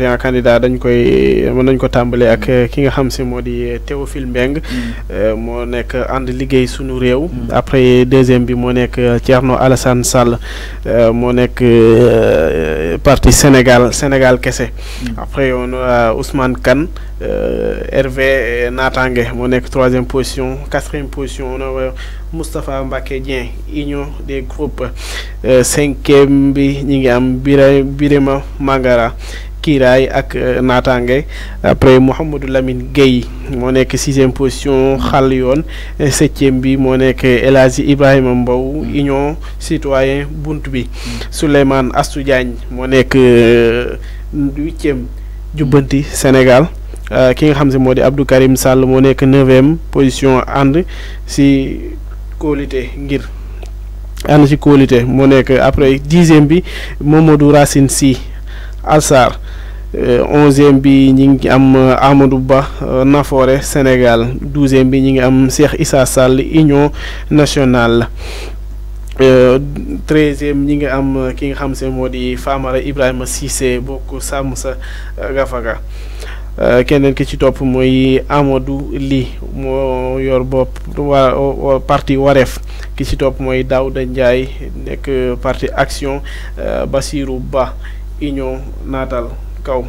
un candidat dañ koy mën nañ ko tambalé ak mm. ki nga xam ci modi eh, Théophile Mbeng mo mm. eh, nek and liggéey suñu réew mm. après deuxième bi mo nek eh, Thierno Alassane Sall mo nek parti Sénégal Sénégal kessé après on a Ousmane Kan, Hervé Natangue moo nekk troisième position quatrième position on a Moustapha Mbacké Dien, union des groupes cinquième bi ñi ngi am Birima Mangara kiiraay ak euh, naataange après Mouhamadou lamin Gueye moo nekk sixième position xàll yoon septième bi moo nekk El Hadji Ibrahima Mbow Union Citoyen bunt bi Souleymane Astou Diagne moo nekk euh, huitième jubbanti Sénégal euh, ki nga xam ne moo di Abdou Karim Sall moo nekk neuvième position ànd si kóolite ngir ànd si kóolite moo nekk après dixième bi Mamadou Racine Sy Alsar euh, onzième bi ñi ngi am euh, Amadou Ba euh, Nafoore Sénégal douzième bi ñi ngi am Cheikh Issa Sall Union nationale treizième ñi ngi am ki nga xam se moo di Famara Ibrahima Cissé bokk Sàmm Sa Gafaga keneen ki ci topp mooy Amadou lii moo yor bopp waa parti Wareef ki ci topp mooy Daouda Ndiaye nekk parti Action Basirou Ba union natal kaw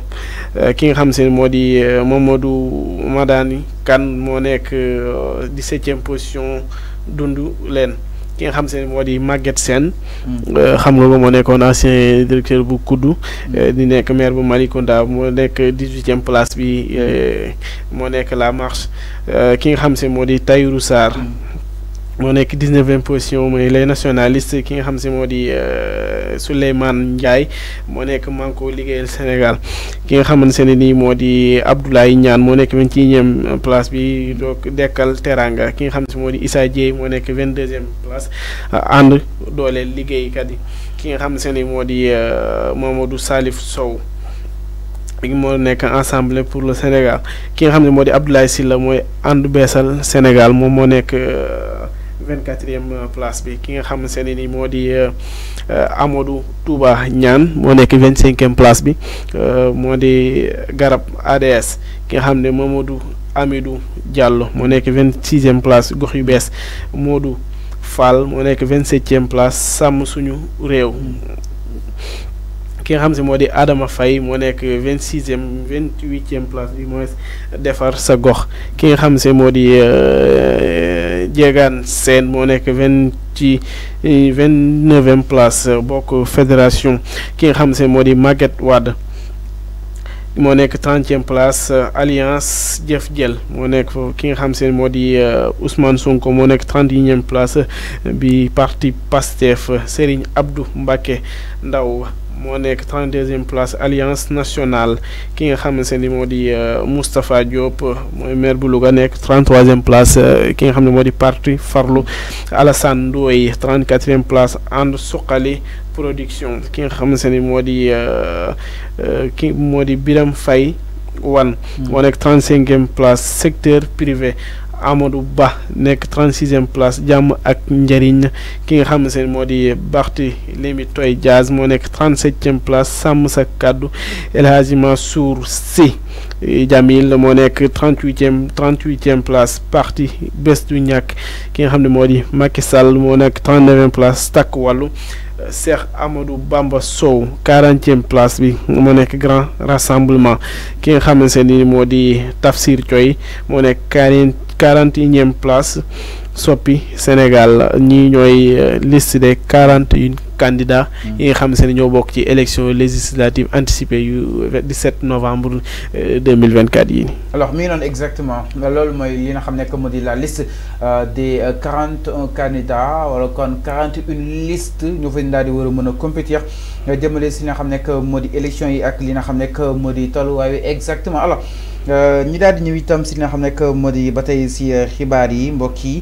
eh, ki nga xam se ne moo di eh, Mamadou Madani Kane moo nekk eh, dix-septième position dundu leen ki nga xam se ne moo di Maguette seen mm. xam nga ko moo nekkoon ancien directeur bu kuddu mm. di nekk maire bu Malicounda moo nekk dix-huitième place bi mm. moo nekk la marche ki nga xam se moo di Tayrou Sarr moo nekk dix-neuvième position mooy les nationalistes ki nga xam si moo di euh, Souleymane Ndiaye moo nekk Manko liggéeyal Sénégal ki nga xamante ne nii moo di Abdoulaye Niane moo nekk vingt-et-unième place bi donc dekkal teranga ki nga xam si moo di Issa Dieye moo nekk vingt-deuxième place euh, ànd dooleel liggéeykat yi ki nga xam se moo di euh, Mamadou Salif Sow moo nekk ensemble pour le Sénégal ki nga xam ne moo di Abdoulaye Sylla mooy ànd beesal Sénégal moom moo nekk 24e place bi ki nga xam se ne ni moo di euh, Amadou Touba ñaan moo nekk vingt e place bi euh, moo di Garab ADS ki nga xam ne Mamadou Amidou Diallo moo nekk vingt e place gox yu bees moo du Fall moo nekk 27e place sàmm suñu réew ki nga xam Adama Faye moo nekk 26e 28e place bi mooy defar Sagor. gox ki nga xam si moo di sen euh, Sène moo 29e place euh, bokk fédération ki nga xam si moo wad 30e place euh, alliance jëf jël moo nekk ki nga xam seen ousmane sonko moo nekk 31e place parti pastef euh, abdou Mbake. ndaw Monek 32e place Alliance Nationale qui nga xamanteni modi euh, Mustafa Diop moy maire 33e place qui euh, nga modi parti Farlou, Alassane Douay 34e place And Soukali Production qui nga modi qui modi Biram Fay one monek 35e place secteur privé Amadou Ba Nek 36e place Jam ak njëriñ ki nga xam sen modi moo di Barthélémy jazz 37e place Sam sa El Hadji Mansour C Jamil mo nek 38e 38e place parti Bestu qui ki nga xam ne eh, Macky 39e place takk wàllu eh, Cheikh Amadou Bamba Sow 40e place bi grand rassemblement ki nga xam sen Tafsir Thioye moo 40 quarante et place soppi Sénégal ñii ñooy euh, liste des quarante une candidat mm. yi nga xam se ñoo bok ci élection législative anticipée yu 17 novembre 2024 euh, yi alors mi non exactement lool moy li nga xam la liste euh, des 41 euh, candidats wala kon 41 liste ñu venons daal di war mëna a compétir jëmale si li nga xam ne moo di élection yi ak li nga xam di exactement alors ñi daal di ñëw itam si nga xam ne moo di ba xibaar yi mbokk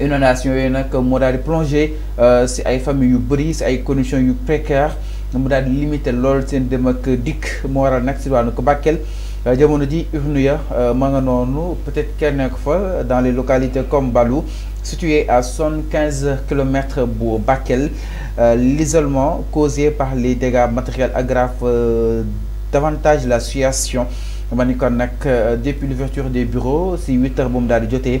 Une nation nak mo dal di plongé euh, si ay famille yu une si ay conditions yu précaires mo dal di limité lool de dem ak dikk moo waral nag euh, ji euh, peut-être quelques fois dans les localités comme Balou situé à 115 km de Baquel. l'isolement causé par les dégâts matériels aggrave davantage la situation depuis l'ouverture des bureaux c'est 8 heures bu dal di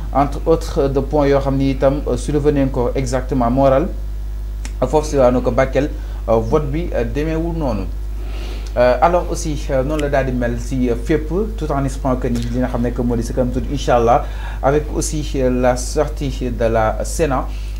entre autres euh, de points yo xamni ni itam euh, soulevé nañ exactement moral force si waanu ko Bakel euh, vote bi ou non? alors aussi non la daal di mel si tout en espérant que ni li nga xamné que nous di si tout inshallah avec aussi la sortie de la Sénat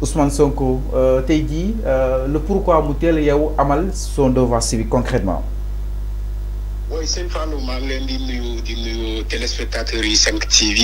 Ousmane Sonko euh, tey euh, le pourquoi mu teel a yow amal son devoir civique concrètement oui c'est une fois, nous, leen di nuyu di téléspectateurs yi 5TV